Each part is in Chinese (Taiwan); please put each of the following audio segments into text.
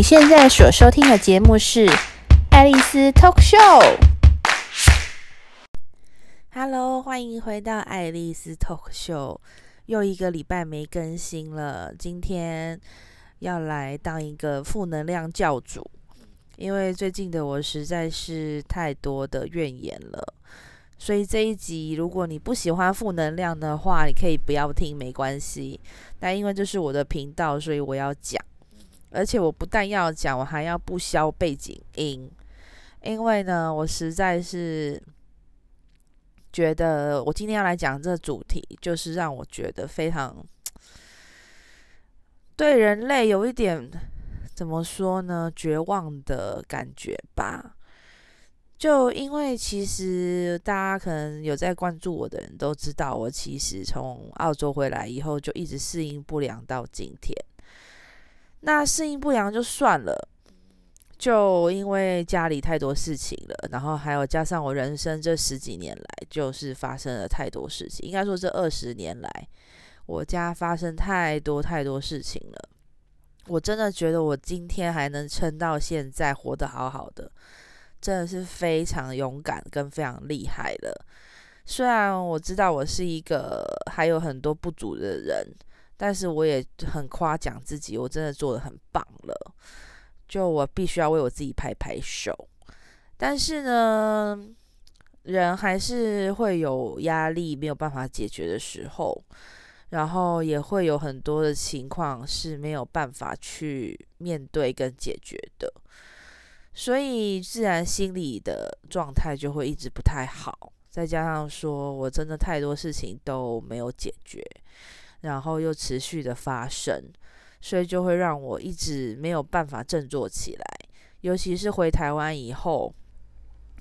你現在所收聽的節目是《愛麗絲 Talk Show》。Hello，歡迎回到《愛麗絲 Talk Show》，又一個禮拜沒更新了。今天要來當一個負能量教主，因為最近的我實在是太多的怨言了。所以這一集，如果你不喜歡負能量的話，你可以不要聽，沒關係。但因為這是我的頻道，所以我要講。而且我不但要講，我還要不消背景音，因為呢，我實在是覺得我今天要來講這個主題，就是讓我覺得非常對人類有一點，怎麼說呢，絕望的感覺吧。就因為其實大家可能有在關注我的人都知道，我其實從澳洲回來以後就一直適應不良到今天。那適應不良就算了，就因為家裡太多事情了，然後還有加上我人生這十幾年來，就是發生了太多事情。應該說這二十年來，我家發生太多太多事情了。我真的覺得我今天還能撐到現在，活得好好的，真的是非常勇敢跟非常厲害了。雖然我知道我是一個還有很多不足的人。但是我也很誇獎自己，我真的做得很棒了，就我必須要為我自己拍拍手。但是呢，人還是會有壓力沒有辦法解決的時候，然後也會有很多的情況是沒有辦法去面對跟解決的，所以自然心理的狀態就會一直不太好。再加上說我真的太多事情都沒有解決。然後又持續的發生，所以就會讓我一直沒有辦法振作起來。尤其是回台灣以後，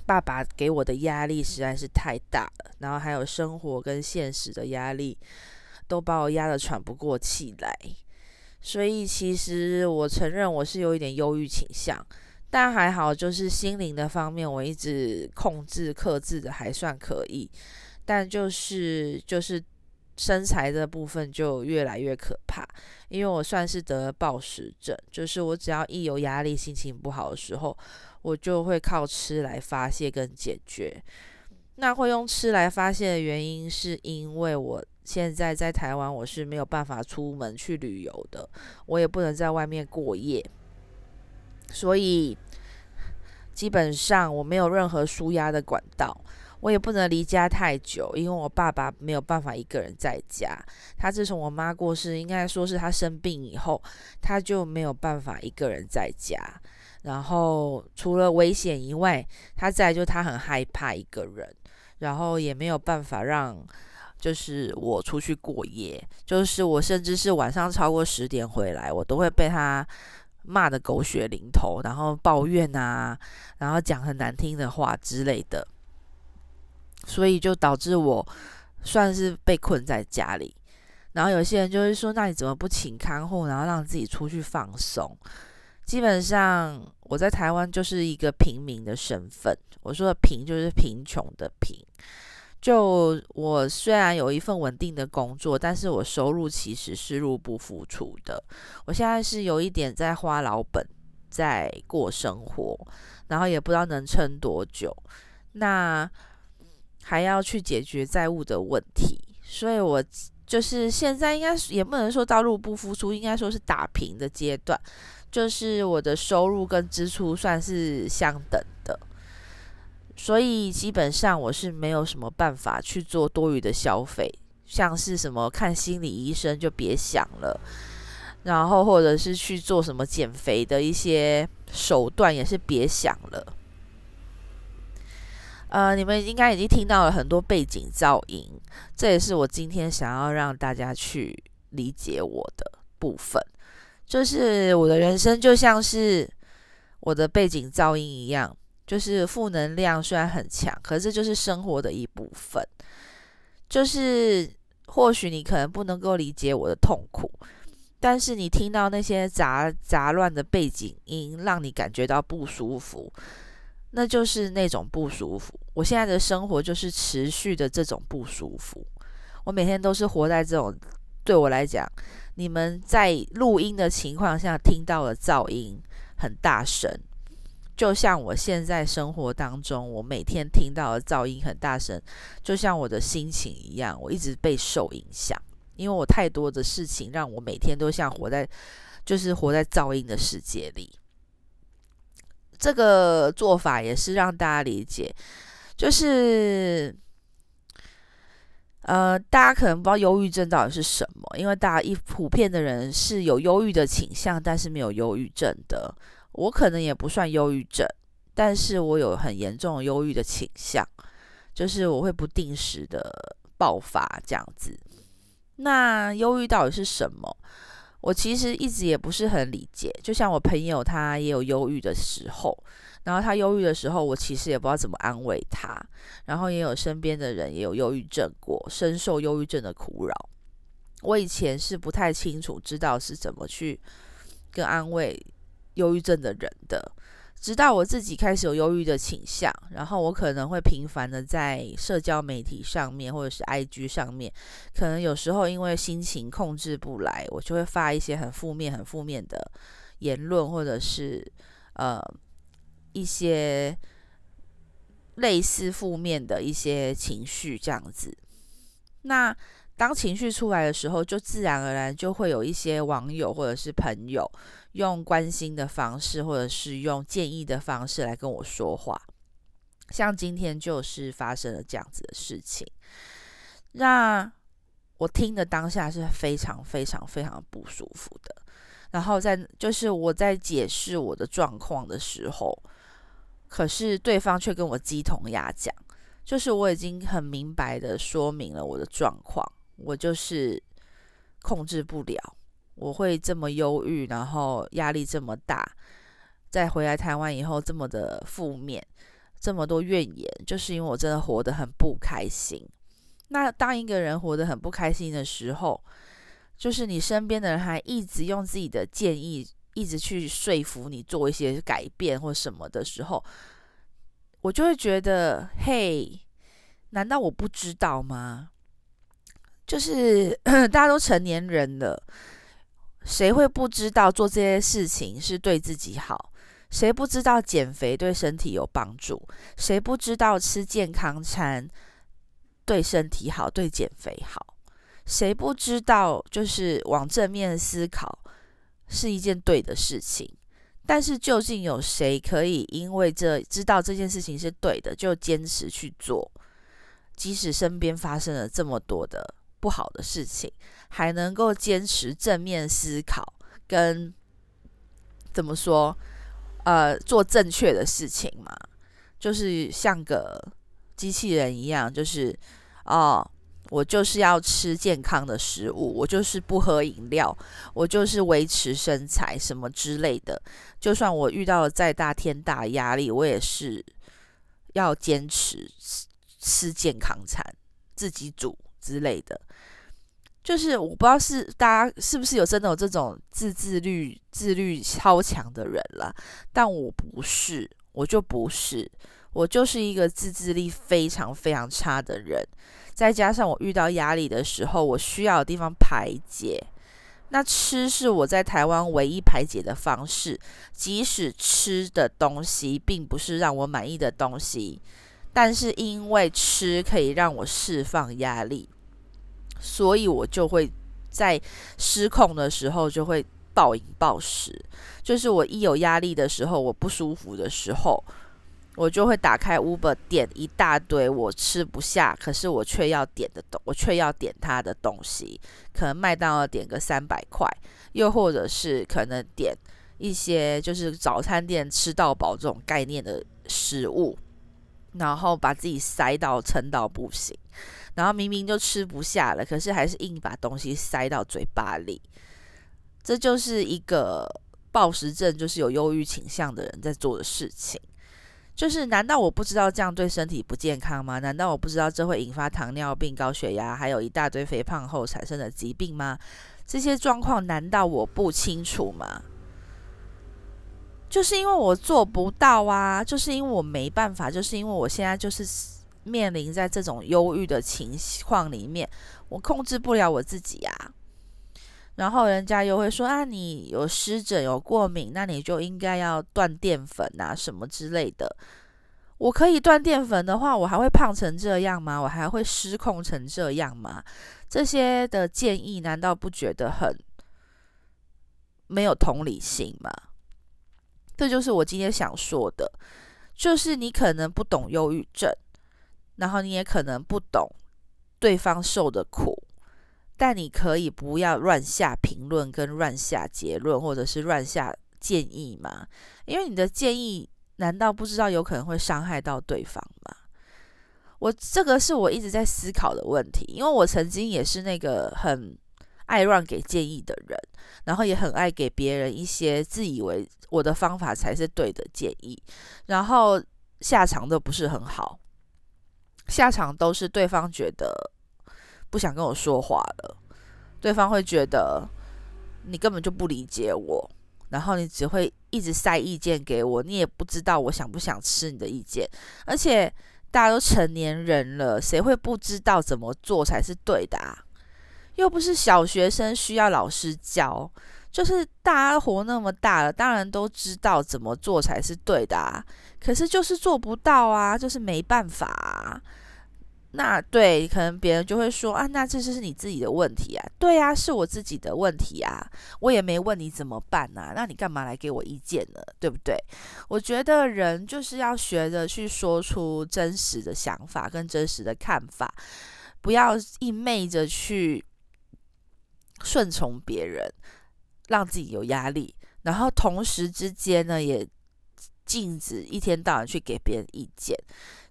爸爸給我的壓力實在是太大了，然後還有生活跟現實的壓力，都把我壓得喘不過氣來。所以其實我承認我是有一點憂鬱傾向，但還好，就是心靈的方面，我一直控制克制的還算可以。但就是就是。身材的部分就越來越可怕，因為我算是得了暴食症，就是我只要一有壓力、心情不好的時候，我就會靠吃來發洩跟解決。那會用吃來發洩的原因，是因為我現在在台灣，我是沒有辦法出門去旅遊的，我也不能在外面過夜，所以基本上我沒有任何舒壓的管道。我也不能離家太久，因為我爸爸沒有辦法一個人在家。他自從我媽過世，應該說是他生病以後，他就沒有辦法一個人在家。然後除了危險以外，他再就他很害怕一個人，然後也沒有辦法讓，就是我出去過夜，就是我甚至是晚上超過十點回來，我都會被他罵得狗血淋頭，然後抱怨啊，然後講很難聽的話之類的。所以就導致我算是被困在家裡。然後有些人就是說：“那你怎麼不請看護，然後讓自己出去放鬆？”基本上我在台灣就是一個平民的身份。我說的“貧”就是貧窮的“貧”。就我雖然有一份穩定的工作，但是我收入其實是入不敷出的。我現在是有一點在花老本在過生活，然後也不知道能撐多久。那。還要去解決債務的問題，所以我就是現在應該也不能說到入不敷出，應該說是打平的階段，就是我的收入跟支出算是相等的，所以基本上我是沒有什麼辦法去做多餘的消費，像是什麼看心理醫生就別想了，然後或者是去做什麼減肥的一些手段也是別想了。呃，你們應該已經聽到了很多背景噪音，這也是我今天想要讓大家去理解我的部分。就是我的人生就像是我的背景噪音一樣，就是負能量雖然很強，可是就是生活的一部分。就是或許你可能不能夠理解我的痛苦，但是你聽到那些雜雜亂的背景音，讓你感覺到不舒服。那就是那種不舒服。我現在的生活就是持續的這種不舒服。我每天都是活在這種，對我來講，你們在錄音的情況下聽到的噪音很大聲，就像我現在生活當中，我每天聽到的噪音很大聲，就像我的心情一樣，我一直被受影響，因為我太多的事情讓我每天都像活在，就是活在噪音的世界裡。這個做法也是讓大家理解，就是，呃，大家可能不知道憂鬱症到底是什麼，因為大家一普遍的人是有憂鬱的傾向，但是沒有憂鬱症的。我可能也不算憂鬱症，但是我有很嚴重的憂鬱的傾向，就是我會不定時的爆發這樣子。那憂鬱到底是什麼？我其實一直也不是很理解，就像我朋友他也有憂鬱的時候，然後他憂鬱的時候，我其實也不知道怎麼安慰他。然後也有身邊的人也有憂鬱症過，深受憂鬱症的困擾。我以前是不太清楚知道是怎麼去跟安慰憂鬱症的人的。直到我自己開始有憂鬱的傾向，然後我可能會頻繁的在社交媒體上面或者是 IG 上面，可能有時候因為心情控制不來，我就會發一些很負面、很負面的言論，或者是呃一些類似負面的一些情緒這樣子。那當情緒出來的時候，就自然而然就會有一些網友或者是朋友。用關心的方式，或者是用建議的方式來跟我說話，像今天就是發生了這樣子的事情，那我聽的當下是非常非常非常不舒服的。然後在就是我在解釋我的狀況的時候，可是對方卻跟我雞同鴨講，就是我已經很明白的說明了我的狀況，我就是控制不了，我會這麼憂鬱，然後壓力這麼大，再回來台灣以後這麼的負面，這麼多怨言，就是因為我真的活得很不開心。那當一個人活得很不開心的時候，就是你身邊的人還一直用自己的建議，一直去說服你做一些改變或什麼的時候，我就會覺得，嘿，難道我不知道嗎？就是大家都成年人了。誰會不知道做這些事情是對自己好？誰不知道減肥對身體有幫助？誰不知道吃健康餐對身體好、對減肥好？誰不知道就是往正面思考是一件對的事情？但是究竟有誰可以因為這，知道這件事情是對的，就堅持去做？即使身邊發生了這麼多的不好的事情。還能夠堅持正面思考跟、跟怎麼說？呃，做正確的事情嘛，就是像個機器人一樣，就是哦，我就是要吃健康的食物，我就是不喝飲料，我就是維持身材什麼之類的。就算我遇到了再大天大壓力，我也是要堅持吃吃健康餐，自己煮之類的。就是我不知道是大家是不是有真的有這種自制力、自律超強的人了，但我不是，我就不是，我就是一個自制力非常非常差的人。再加上我遇到壓力的時候，我需要地方排解，那吃是我在台灣唯一排解的方式。即使吃的東西並不是讓我滿意的東西，但是因為吃可以讓我釋放壓力。所以，我就會在失控的時候就會暴飲暴食。就是我一有壓力的時候，我不舒服的時候，我就會打開 Uber 點一大堆我吃不下，可是我卻要點的東，我卻要點它的東西。可能麥當勞點個三百塊，又或者是可能點一些就是早餐店吃到飽這種概念的食物，然後把自己塞到撐到不行。然後明明就吃不下了，可是還是硬把東西塞到嘴巴裡，這就是一個暴食症，就是有憂鬱傾向的人在做的事情。就是難道我不知道這樣對身體不健康嗎？難道我不知道這會引發糖尿病、高血壓，還有一大堆肥胖後產生的疾病嗎？這些狀況難道我不清楚嗎？就是因為我做不到啊，就是因為我沒辦法，就是因為我現在就是。面臨在這種憂鬱的情況裡面，我控制不了我自己呀、啊。然後人家又會說：“啊，你有濕疹，有過敏，那你就應該要斷澱粉啊，什麼之類的。”我可以斷澱粉的話，我還會胖成這樣嗎？我還會失控成這樣嗎？這些的建議難道不覺得很沒有同理心嗎？這就是我今天想說的，就是你可能不懂憂鬱症。然後你也可能不懂對方受的苦，但你可以不要亂下評論、跟亂下結論，或者是亂下建議嗎？因為你的建議難道不知道有可能會傷害到對方嗎？我這個是我一直在思考的問題，因為我曾經也是那個很愛亂給建議的人，然後也很愛給別人一些自以為我的方法才是對的建議，然後下場都不是很好。下場都是對方覺得不想跟我說話了，對方會覺得你根本就不理解我，然後你只會一直塞意見給我，你也不知道我想不想吃你的意見，而且大家都成年人了，誰會不知道怎麼做才是對的啊？又不是小學生需要老師教。就是大家活那麼大了，當然都知道怎麼做才是對的啊。可是就是做不到啊，就是沒辦法啊。那對，可能別人就會說啊，那這就是你自己的問題啊。對啊，是我自己的問題啊。我也沒問你怎麼辦啊。那你幹嘛來給我意見呢？對不對？我覺得人就是要學着去說出真實的想法跟真實的看法，不要一昧着去順從別人。讓自己有壓力，然後同時之間呢，也禁止一天到晚去給別人意見。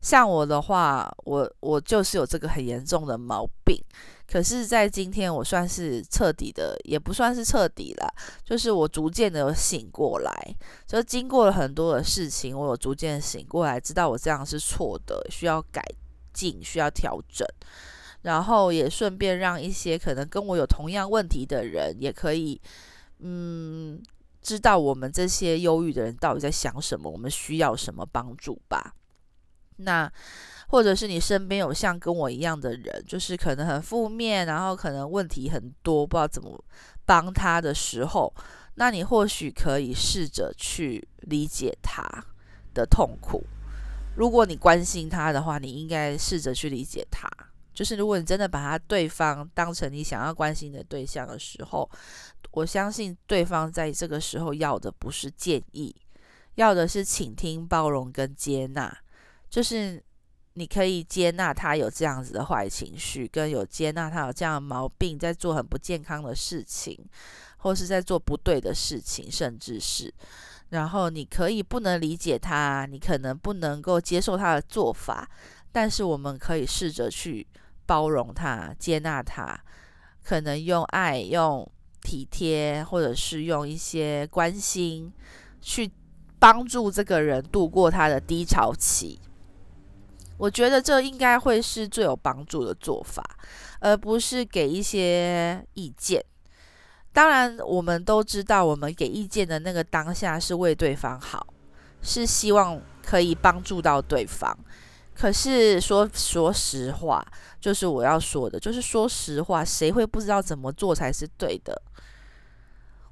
像我的話，我我就是有這個很嚴重的毛病。可是，在今天，我算是徹底的，也不算是徹底了，就是我逐漸的有醒過來。就經過了很多的事情，我有逐漸醒過來，知道我這樣是錯的，需要改進，需要調整，然後也順便讓一些可能跟我有同樣問題的人也可以。嗯，知道我們這些憂鬱的人到底在想什麼，我們需要什麼幫助吧？那或者是你身邊有像跟我一樣的人，就是可能很負面，然後可能問題很多，不知道怎麼幫他的時候，那你或許可以試着去理解他的痛苦。如果你關心他的話，你應該試着去理解他。就是如果你真的把他對方當成你想要關心的對象的時候。我相信對方在這個時候要的不是建議，要的是傾聽、包容跟接納。就是你可以接納他有這樣子的壞情緒，跟有接納他有這樣的毛病，在做很不健康的事情，或是在做不對的事情，甚至是，然後你可以不能理解他，你可能不能夠接受他的做法，但是我們可以試着去包容他、接納他，可能用愛、用。體貼，或者是用一些關心去幫助這個人度過他的低潮期，我覺得這應該會是最有幫助的做法，而不是給一些意見。當然，我們都知道，我們給意見的那個當下是為對方好，是希望可以幫助到對方。可是說，說說實話，就是我要說的，就是說實話，誰會不知道怎麼做才是對的？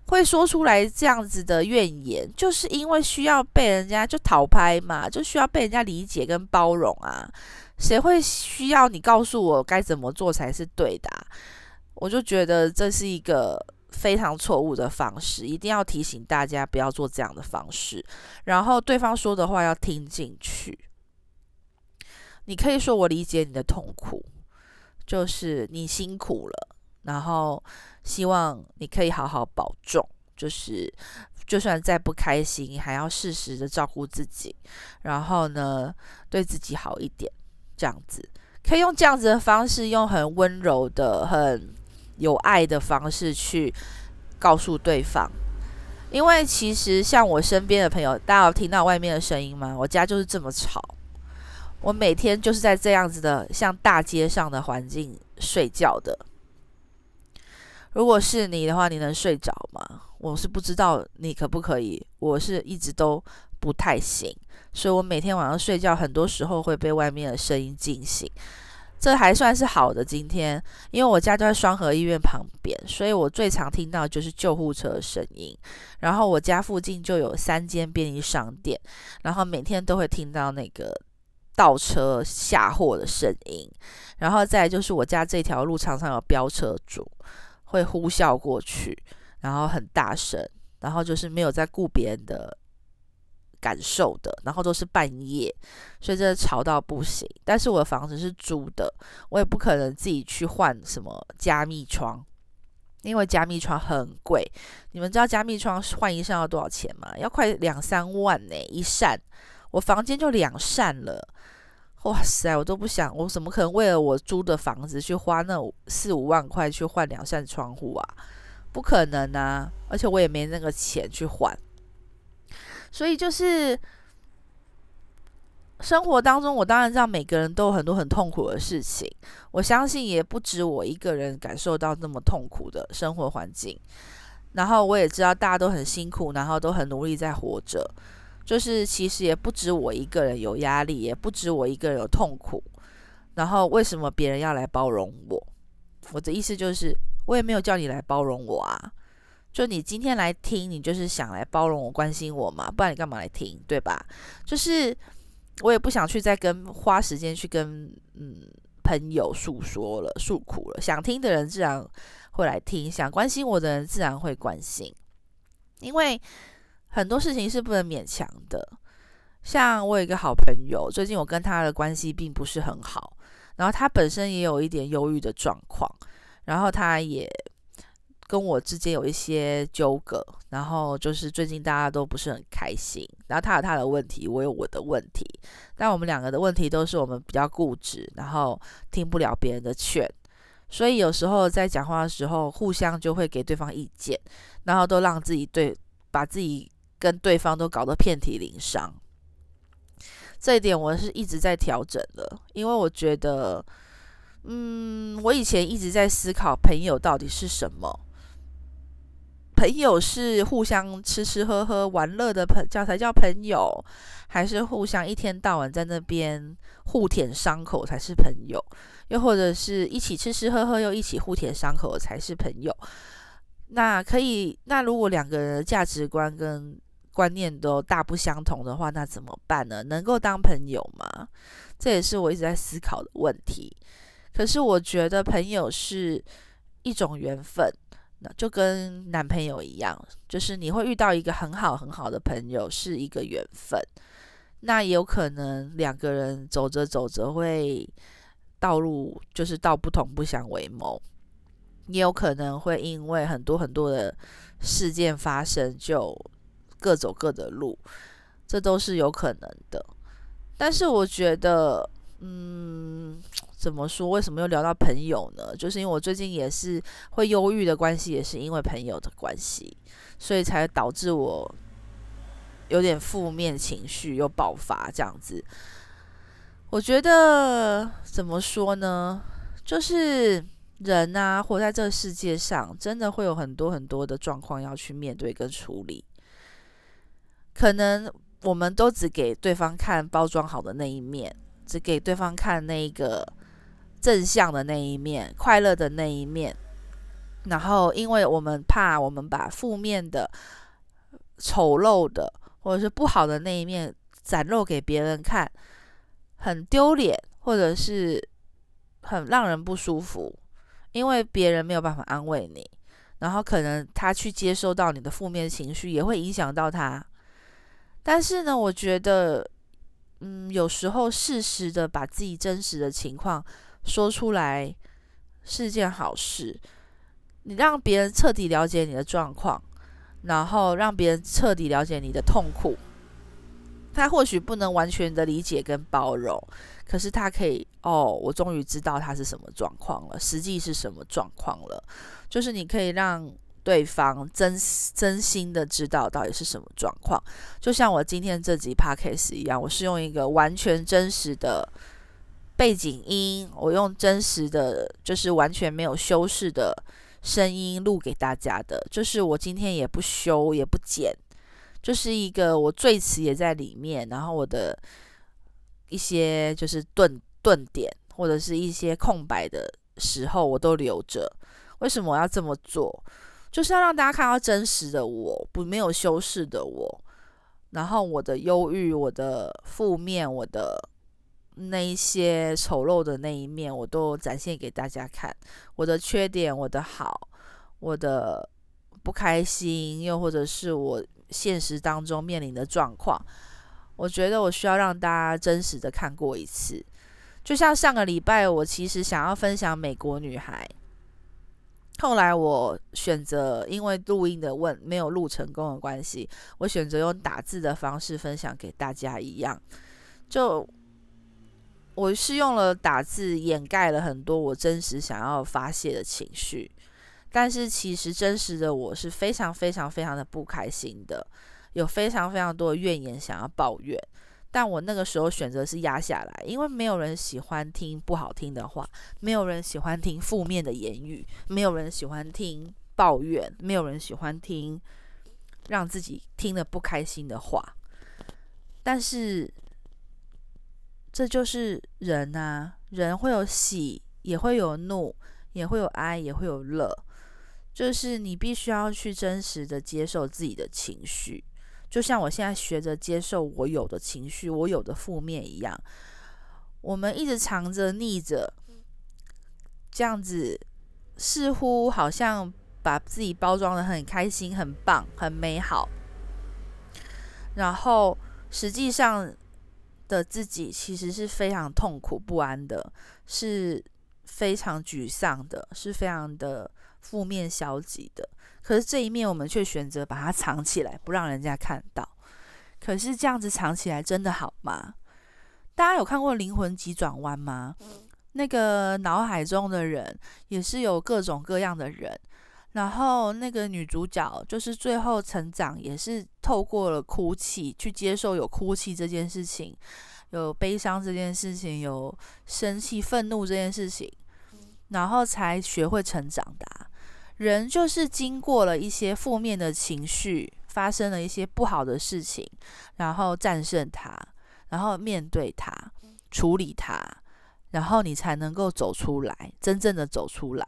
會說出來這樣子的怨言，就是因為需要被人家就逃拍嘛，就需要被人家理解跟包容啊。誰會需要你告訴我該怎麼做才是對的，啊？我就覺得這是一個非常錯誤的方式，一定要提醒大家不要做這樣的方式。然後，對方說的話要聽進去。你可以說我理解你的痛苦，就是你辛苦了，然後希望你可以好好保重，就是就算再不開心，還要適時的照顧自己，然後呢，對自己好一點，這樣子可以用這樣子的方式，用很溫柔的、很有愛的方式去告訴對方，因為其實像我身邊的朋友，大家有聽到外面的聲音嗎？我家就是這麼吵。我每天就是在這樣子的，像大街上的環境睡覺的。如果是你的話，你能睡着嗎？我是不知道你可不可以，我是一直都不太行，所以我每天晚上睡覺很多時候會被外面的聲音驚醒。這還算是好的，今天因為我家就在雙和醫院旁邊，所以我最常聽到就是救護車聲音。然後我家附近就有三間便利商店，然後每天都會聽到那個。倒車下貨的聲音，然後再就是我家這條路常常有飆車主會呼嘯過去，然後很大聲，然後就是沒有在顧別人的感受的，然後都是半夜，所以真的吵到不行。但是我的房子是租的，我也不可能自己去換什麼加密窗，因為加密窗很貴。你們知道加密窗換一扇要多少錢嗎？要快兩三萬呢，一扇。我房間就兩扇了，哇塞，我都不想，我怎麼可能為了我租的房子去花那四五萬塊去換兩扇窗戶啊？不可能啊！而且我也沒那個錢去換。所以就是生活當中，我當然知道每個人都有很多很痛苦的事情，我相信也不止我一個人感受到那麼痛苦的生活環境。然後我也知道大家都很辛苦，然後都很努力在活着。就是其實也不止我一個人有壓力，也不止我一個人有痛苦。然後為什麼別人要來包容我？我的意思就是，我也沒有叫你來包容我啊。就你今天來聽，你就是想來包容我、關心我嘛？不然你幹嘛來聽，對吧？就是我也不想去再跟花時間去跟嗯朋友訴說了、訴苦了。想聽的人自然會來聽，想關心我的人自然會關心，因為。很多事情是不能勉強的。像我有一個好朋友，最近我跟他的關係並不是很好，然後他本身也有一點憂鬱的狀況，然後他也跟我之間有一些糾葛，然後就是最近大家都不是很開心。然後他有他的問題，我有我的問題，但我們兩個的問題都是我們比較固執，然後聽不了別人的勸，所以有時候在講話的時候，互相就會給對方意見，然後都讓自己對，把自己。跟對方都搞得遍體鱗傷，這一點我是一直在調整的，因為我覺得，嗯，我以前一直在思考朋友到底是什麼。朋友是互相吃吃喝喝玩樂的朋，叫才叫朋友，還是互相一天到晚在那邊互舔傷口才是朋友？又或者是一起吃吃喝喝又一起互舔傷口才是朋友？那可以，那如果兩個人的價值觀跟觀念都大不相同的話，那怎麼辦呢？能夠當朋友嗎？這也是我一直在思考的問題。可是我覺得朋友是一種緣分，那就跟男朋友一樣，就是你會遇到一個很好很好的朋友，是一個緣分。那也有可能兩個人走着走着會道路就是道不同不相為謀，也有可能會因為很多很多的事件發生就。各走各的路，這都是有可能的。但是我覺得，嗯，怎麼說？為什麼又聊到朋友呢？就是因為我最近也是會憂鬱的關係，也是因為朋友的關係，所以才導致我有點負面情緒又爆發這樣子。我覺得怎麼說呢？就是人啊，活在這個世界上，真的會有很多很多的狀況要去面對跟處理。可能我們都只給對方看包裝好的那一面，只給對方看那個正向的那一面、快樂的那一面。然後，因為我們怕我們把負面的、醜陋的或者是不好的那一面展露給別人看，很丟臉，或者是很讓人不舒服，因為別人沒有辦法安慰你，然後可能他去接收到你的負面情緒，也會影響到他。但是呢，我覺得，嗯，有時候適時的把自己真實的情況說出來是件好事。你讓別人徹底了解你的狀況，然後讓別人徹底了解你的痛苦，他或許不能完全的理解跟包容，可是他可以哦，我終於知道他是什麼狀況了，實際是什麼狀況了，就是你可以讓。對方真真心的知道到底是什麼狀況，就像我今天這集 podcast 一樣，我是用一個完全真實的背景音，我用真實的就是完全沒有修飾的聲音錄給大家的，就是我今天也不修也不剪，就是一個我贅詞也在裡面，然後我的一些就是頓頓點或者是一些空白的時候我都留着。為什麼我要這麼做？就是要讓大家看到真實的我，不沒有修飾的我，然後我的憂鬱、我的負面、我的那一些醜陋的那一面，我都展現給大家看。我的缺點、我的好、我的不開心，又或者是我現實當中面臨的狀況，我覺得我需要讓大家真實的看過一次。就像上個禮拜，我其實想要分享《美國女孩》。後來我選擇，因為錄音的問沒有錄成功的關係，我選擇用打字的方式分享給大家。一樣，就我是用了打字掩蓋了很多我真實想要發洩的情緒，但是其實真實的我是非常非常非常的不開心的，有非常非常多的怨言，想要抱怨。但我那個時候選擇是壓下來，因為沒有人喜歡聽不好聽的話，沒有人喜歡聽負面的言語，沒有人喜歡聽抱怨，沒有人喜歡聽讓自己聽得不開心的話。但是，這就是人啊，人會有喜，也會有怒，也會有哀，也會有樂，就是你必須要去真實的接受自己的情緒。就像我現在學着接受我有的情緒，我有的負面一樣，我們一直藏着、逆着，這樣子，似乎好像把自己包裝的很開心、很棒、很美好，然後實際上的自己其實是非常痛苦、不安的，是非常沮喪的，是非常的負面、消極的。可是這一面，我們卻選擇把它藏起來，不讓人家看到。可是這樣子藏起來，真的好嗎？大家有看過《靈魂急轉彎》嗎？嗯。那個腦海中的人也是有各種各樣的人，然後那個女主角就是最後成長，也是透過了哭泣去接受有哭泣這件事情，有悲傷這件事情，有生氣、憤怒這件事情，然後才學會成長的啊。人就是經過了一些負面的情緒，發生了一些不好的事情，然後戰勝它，然後面對它，處理它，然後你才能夠走出來，真正的走出來。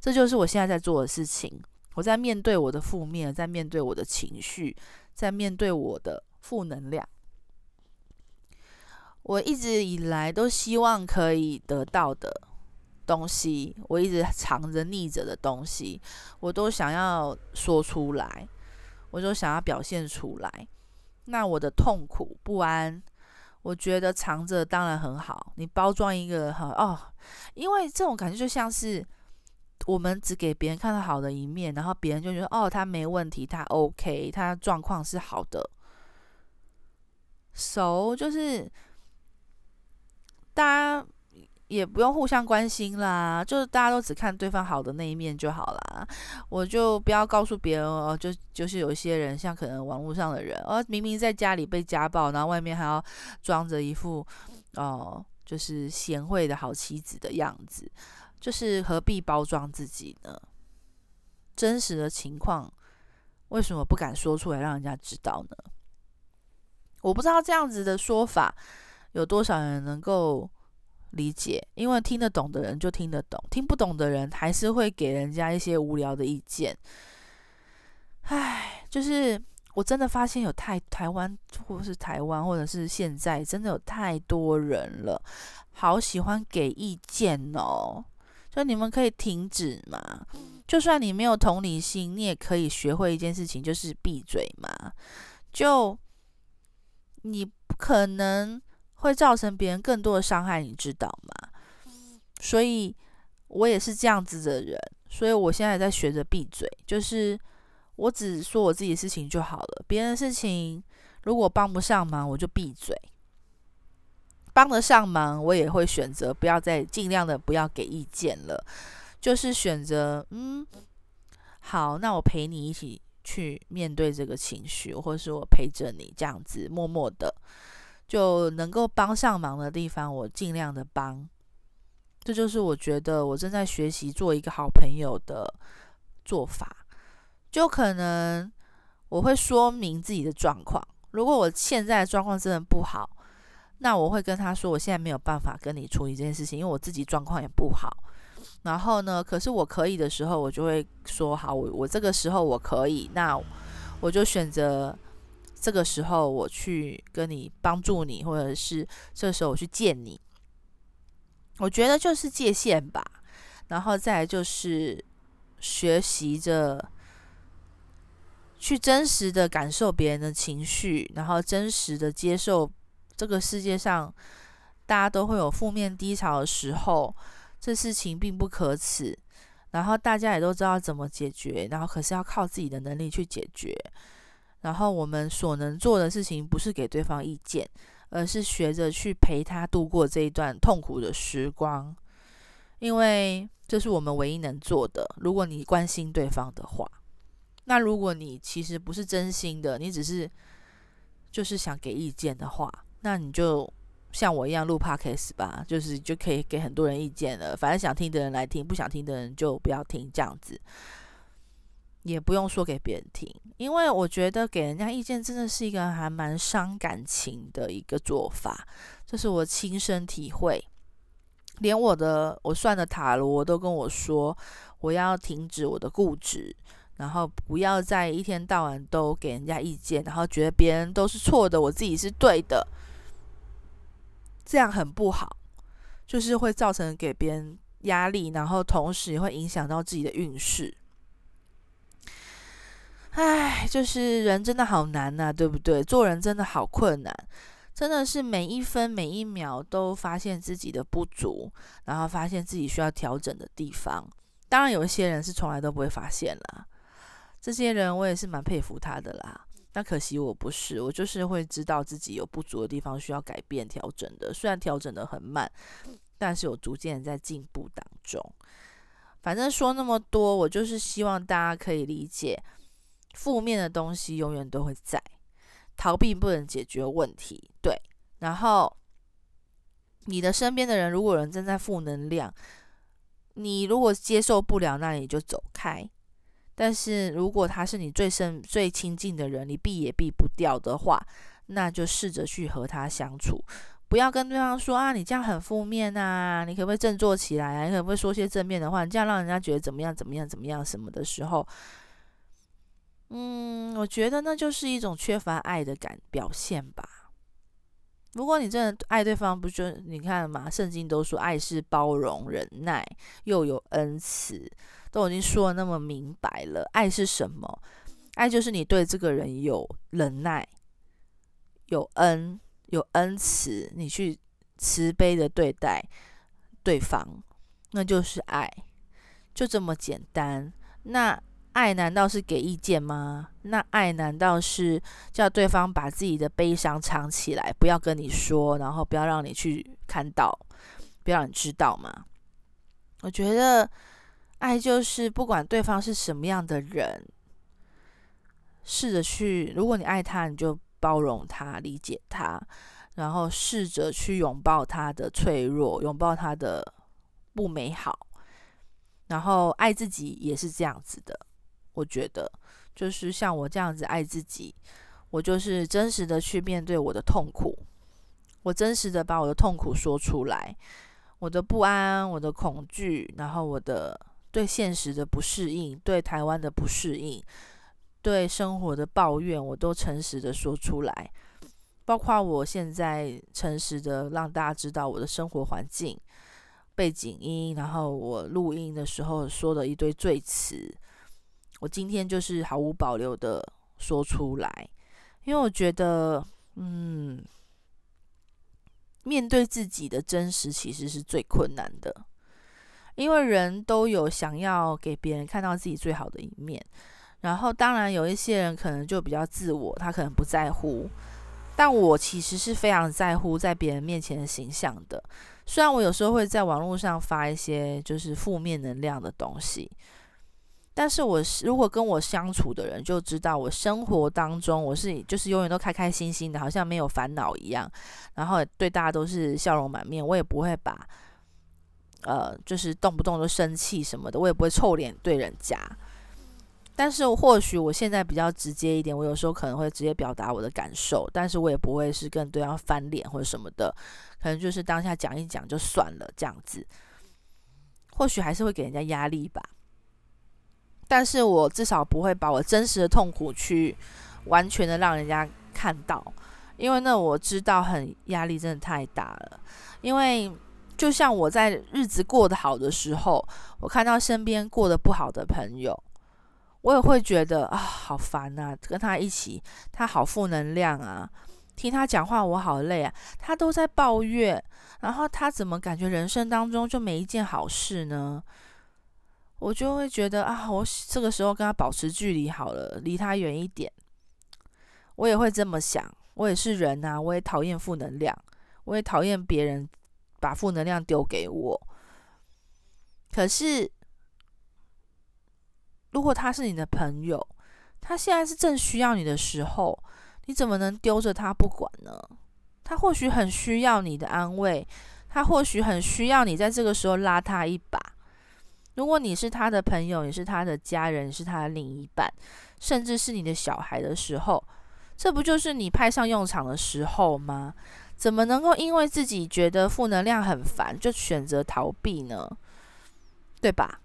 這就是我現在在做的事情，我在面對我的負面，在面對我的情緒，在面對我的負能量。我一直以來都希望可以得到的東西我一直藏着、掖著的東西，我都想要說出來，我就想要表現出來。那我的痛苦、不安，我覺得藏着當然很好。你包裝一個很，很哦，因為這種感覺就像是我們只給別人看到好的一面，然後別人就覺得哦，他沒問題，他 OK，他狀況是好的。熟、so, 就是大家。也不用互相關心啦，就是大家都只看對方好的那一面就好啦。我就不要告訴別人哦，就就是有一些人，像可能網絡上的人，哦，明明在家裡被家暴，然後外面還要裝着一副哦，就是賢惠的好妻子的樣子，就是何必包裝自己呢？真實的情況為什麼不敢說出來讓人家知道呢？我不知道這樣子的說法有多少人能夠。理解，因為聽得懂的人就聽得懂，聽不懂的人還是會給人家一些無聊的意見。唉，就是我真的發現有太台灣或是台灣或者是現在真的有太多人了，好喜歡給意見哦。所以你們可以停止嘛，就算你沒有同理心，你也可以學會一件事情，就是閉嘴嘛。就你不可能。會造成別人更多的傷害，你知道嗎？所以我也是這樣子的人，所以我現在在學着閉嘴，就是我只說我自己的事情就好了，別人的事情如果幫不上忙，我就閉嘴；幫得上忙，我也會選擇不要再盡量的不要給意見了，就是選擇嗯，好，那我陪你一起去面對這個情緒，或是我陪着你這樣子默默的。就能夠幫上忙的地方，我儘量的幫。這就是我覺得我正在學習做一個好朋友的做法。就可能我會說明自己的狀況。如果我現在狀況真的不好，那我會跟他說，我現在沒有辦法跟你處理這件事情，因為我自己狀況也不好。然後呢，可是我可以的時候，我就會說好，我我這個時候我可以，那我就選擇。這個時候我去跟你幫助你，或者是這時候我去見你，我覺得就是界限吧。然後再來就是學習着去真實的感受別人的情緒，然後真實的接受這個世界上大家都會有負面低潮的時候，這事情並不可恥。然後大家也都知道怎麼解決，然後可是要靠自己的能力去解決。然後我們所能做的事情，不是給對方意見，而是學着去陪他度過這一段痛苦的時光，因為這是我們唯一能做的。如果你關心對方的話，那如果你其實不是真心的，你只是就是想給意見的話，那你就像我一樣錄 podcast 吧，就是就可以給很多人意見了。反正想聽的人來聽，不想聽的人就不要聽，這樣子。也不用說給別人聽，因為我覺得給人家意見真的是一個還蠻傷感情的一個做法，這、就是我親身體會。連我的我算的塔羅都跟我說，我要停止我的固執，然後不要再一天到晚都給人家意見，然後覺得別人都是錯的，我自己是對的，這樣很不好，就是會造成給別人壓力，然後同時也會影響到自己的運勢。唉，就是人真的好難吶，對不對？做人真的好困難，真的是每一分每一秒都發現自己的不足，然後發現自己需要調整的地方。當然，有一些人是從來都不會發現啦。這些人我也是蠻佩服他的啦。那可惜我不是，我就是會知道自己有不足的地方需要改變調整的。雖然調整得很慢，但是我逐漸在進步當中。反正說那麼多，我就是希望大家可以理解。負面的東西永遠都會在，逃避不能解決問題。對，然後你的身邊的人，如果人正在負能量，你如果接受不了，那你就走開。但是如果他是你最深、最親近的人，你避也避不掉的話，那就試着去和他相處。不要跟對方說啊，你這樣很負面啊，你可不可以振作起來啊？你可不可以說些正面的話，你這樣讓人家覺得怎麼樣？怎麼樣？怎麼樣？怎麼樣什麼的時候？嗯，我覺得那就是一種缺乏愛的感表現吧。如果你真的愛對方，不就你看嘛，聖經都說愛是包容、忍耐，又有恩慈，都已經說的那麼明白了。愛是什麼？愛就是你對這個人有忍耐，有恩，有恩慈，你去慈悲的對待對方，那就是愛，就這麼簡單。那。愛難道是給意見嗎？那愛難道是叫對方把自己的悲傷藏起來，不要跟你說，然後不要讓你去看到，不要讓你知道嗎？我覺得愛就是不管對方是什麼樣的人，試着去，如果你愛他，你就包容他，理解他，然後試着去擁抱他的脆弱，擁抱他的不美好，然後愛自己也是這樣子的。我覺得就是像我這樣子愛自己，我就是真實的去面對我的痛苦，我真實的把我的痛苦說出來，我的不安，我的恐懼，然後我的對現實的不適應，對台灣的不適應，對生活的抱怨，我都誠實的說出來，包括我現在誠實的讓大家知道我的生活環境、背景音，然後我錄音的時候說的一堆醉詞。我今天就是毫無保留的說出來，因為我覺得，嗯，面對自己的真實其實是最困難的，因為人都有想要給別人看到自己最好的一面，然後當然有一些人可能就比較自我，他可能不在乎，但我其實是非常在乎在別人面前的形象的，雖然我有時候會在網絡上發一些就是負面能量的東西。但是我如果跟我相處的人就知道，我生活當中我是就是永遠都開開心心的，好像沒有煩惱一樣。然後對大家都是笑容滿面，我也不會把，呃，就是動不動就生氣什麼的，我也不會臭臉對人家。但是或許我現在比較直接一點，我有時候可能會直接表達我的感受，但是我也不會是跟對方翻臉或者什麼的，可能就是當下講一講就算了這樣子。或許還是會給人家壓力吧。但是我至少不會把我真實的痛苦去完全的讓人家看到，因為那我知道很壓力真的太大了。因為就像我在日子過得好的時候，我看到身邊過得不好的朋友，我也會覺得啊、哦，好煩吶、啊！跟他一起，他好負能量啊，聽他講話我好累啊，他都在抱怨，然後他怎麼感覺人生當中就沒一件好事呢？我就會覺得啊，我這個時候跟他保持距離好了，離他遠一點。我也會這麼想，我也是人啊，我也討厭負能量，我也討厭別人把負能量丟給我。可是，如果他是你的朋友，他現在是正需要你的時候，你怎麼能丟着他不管呢？他或許很需要你的安慰，他或許很需要你在這個時候拉他一把。如果你是他的朋友，你是他的家人，是他的另一半，甚至是你的小孩的時候，這不就是你派上用場的時候嗎？怎麼能夠因為自己覺得負能量很煩，就選擇逃避呢？對吧？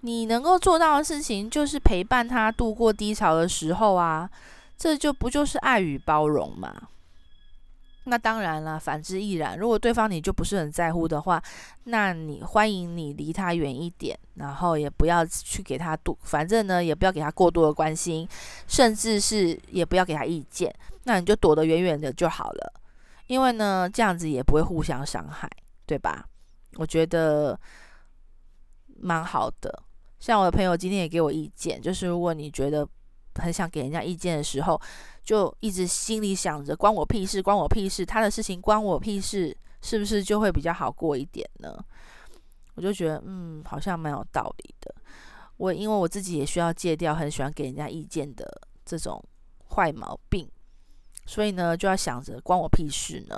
你能夠做到的事情就是陪伴他度過低潮的時候啊，這就不就是愛與包容嗎？那當然了，反之亦然。如果對方你就不是很在乎的話，那你歡迎你離他遠一點，然後也不要去給他多，反正呢也不要給他過多的關心，甚至是也不要給他意見。那你就躲得遠遠的就好了，因為呢這樣子也不會互相傷害，對吧？我覺得蠻好的。像我的朋友今天也給我意見，就是如果你覺得，很想給人家意見的時候，就一直心裡想着關我屁事，關我屁事，他的事情關我屁事，是不是就會比較好過一點呢？我就覺得，嗯，好像蠻有道理的。我因為我自己也需要戒掉很喜歡給人家意見的這種壞毛病，所以呢，就要想着關我屁事呢。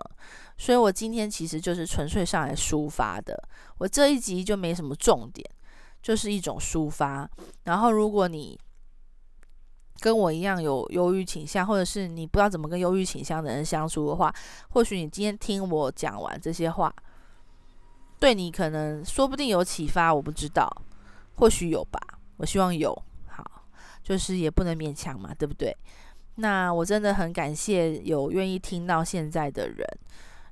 所以我今天其實就是純粹上來抒發的，我這一集就沒什麼重點，就是一種抒發。然後如果你……跟我一樣有憂鬱傾向，或者是你不知道怎麼跟憂鬱傾向的人相處的話，或許你今天聽我講完這些話，對你可能說不定有啟發，我不知道，或許有吧，我希望有。好，就是也不能勉強嘛，對不對？那我真的很感謝有願意聽到現在的人，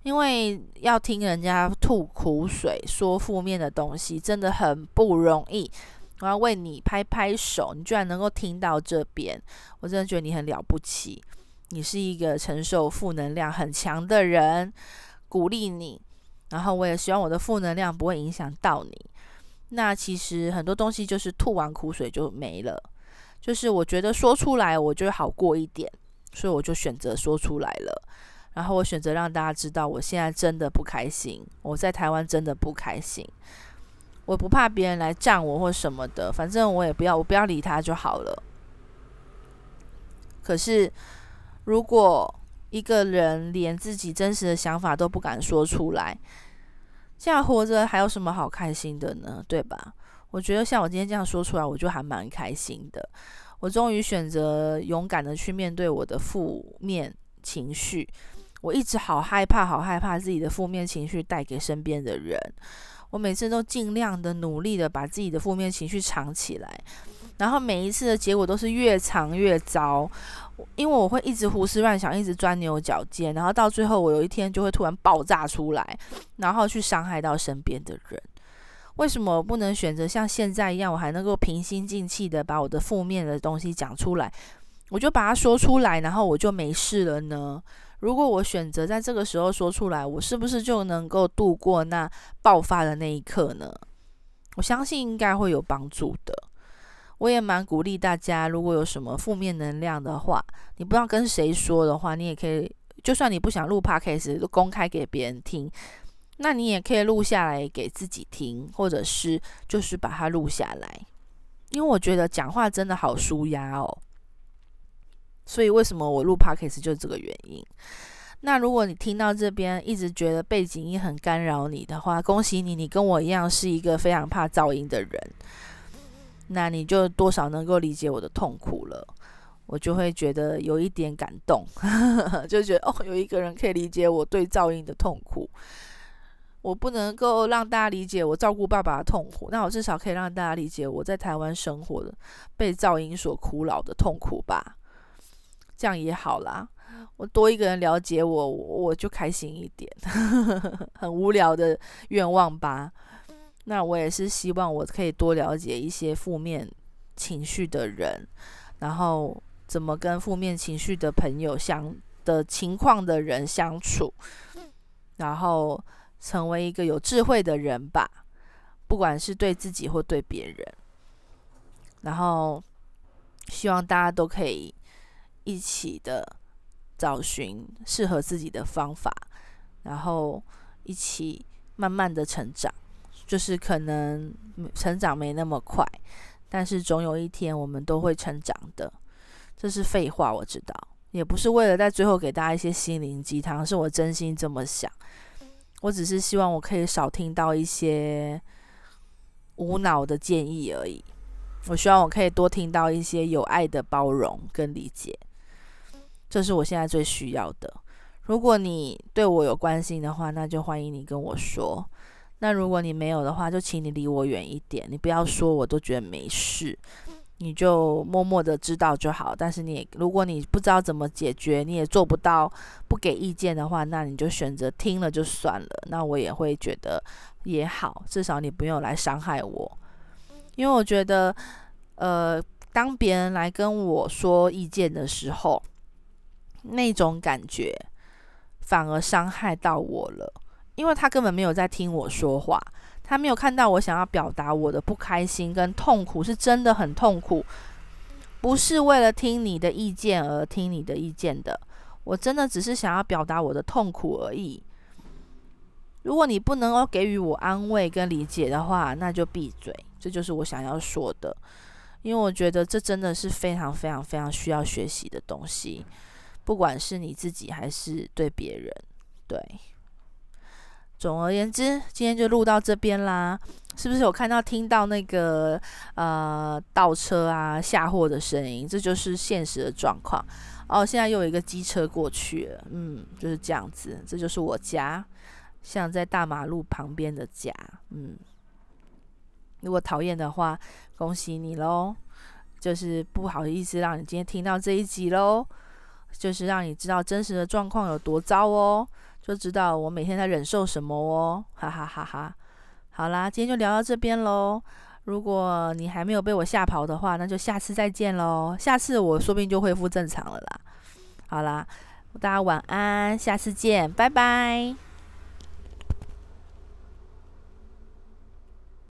因為要聽人家吐苦水、說負面的東西，真的很不容易。我要為你拍拍手，你居然能夠聽到這邊，我真的覺得你很了不起。你是一個承受負能量很強的人，鼓勵你。然後我也希望我的負能量不會影響到你。那其實很多東西就是吐完苦水就沒了，就是我覺得說出來我就好過一點，所以我就選擇說出來了。然後我選擇讓大家知道，我現在真的不開心，我在台灣真的不開心。我不怕別人來占我或什麼的，反正我也不要，我不要理他就好了。可是，如果一個人連自己真實的想法都不敢說出來，這樣活着還有什麼好開心的呢？對吧？我覺得像我今天這樣說出來，我就還蠻開心的。我終於選擇勇敢的去面對我的負面情緒。我一直好害怕，好害怕自己的負面情緒帶給身邊的人。我每次都盡量的努力的把自己的負面情緒藏起來，然後每一次的結果都是越藏越糟，因為我會一直胡思亂想，一直鑽牛角尖，然後到最後我有一天就會突然爆炸出來，然後去傷害到身邊的人。為什麼我不能選擇像現在一樣，我還能夠平心靜氣的把我的負面的東西講出來，我就把它說出來，然後我就沒事了呢？如果我選擇在這個時候說出來，我是不是就能夠度過那爆發的那一刻呢？我相信應該會有幫助的。我也蠻鼓勵大家，如果有什麼負面能量的話，你不知道跟誰說的話，你也可以，就算你不想錄 podcast 公開給別人聽，那你也可以錄下來給自己聽，或者是就是把它錄下來，因為我覺得講話真的好舒壓哦。所以為什麼我錄 podcast 就是這個原因。那如果你聽到這邊一直覺得背景音很干擾你的話，恭喜你，你跟我一樣是一個非常怕噪音的人。那你就多少能夠理解我的痛苦了，我就會覺得有一點感動， 就覺得哦，有一個人可以理解我對噪音的痛苦。我不能夠讓大家理解我照顧爸爸的痛苦，那我至少可以讓大家理解我在台灣生活的被噪音所苦惱的痛苦吧。這樣也好啦，我多一個人了解我，我，我就開心一點。 很無聊的願望吧。那我也是希望我可以多了解一些負面情緒的人，然後怎麼跟負面情緒的朋友相的情況的人相處，然後成為一個有智慧的人吧，不管是對自己或對別人。然後希望大家都可以。一起的找尋適合自己的方法，然後一起慢慢的成長，就是可能成長沒那麼快，但是總有一天我們都會成長的。這是廢話，我知道，也不是為了在最後給大家一些心靈雞湯，是我真心這麼想。我只是希望我可以少聽到一些無腦的建議而已，我希望我可以多聽到一些有愛的包容跟理解。這是我現在最需要的。如果你對我有關心的話，那就歡迎你跟我說。那如果你沒有的話，就請你離我遠一點，你不要說我都覺得沒事，你就默默的知道就好。但是你也，如果你不知道怎麼解決，你也做不到不給意見的話，那你就選擇聽了就算了。那我也會覺得也好，至少你不用來傷害我，因為我覺得，呃，當別人來跟我說意見的時候，那種感覺反而傷害到我了，因為他根本沒有在聽我說話，他沒有看到我想要表達我的不開心跟痛苦，是真的很痛苦，不是為了聽你的意見而聽你的意見的，我真的只是想要表達我的痛苦而已。如果你不能夠給予我安慰跟理解的話，那就閉嘴，這就是我想要說的，因為我覺得這真的是非常非常非常需要學習的東西。不管是你自己還是對別人，對。總而言之，今天就錄到這邊啦。是不是有看到聽到那個呃倒車啊、下貨的聲音？這就是現實的狀況。哦，現在又有一個機車過去了，嗯，就是這樣子。這就是我家，像在大馬路旁邊的家，嗯。如果討厭的話，恭喜你嘍，就是不好意思讓你今天聽到這一集嘍。就是讓你知道真實的狀況有多糟哦，就知道我每天在忍受什麼哦，哈哈哈哈！好啦，今天就聊到這邊嘍。如果你還沒有被我嚇跑的話，那就下次再見嘍。下次我說不定就恢復正常了啦。好啦，大家晚安，下次見，拜拜。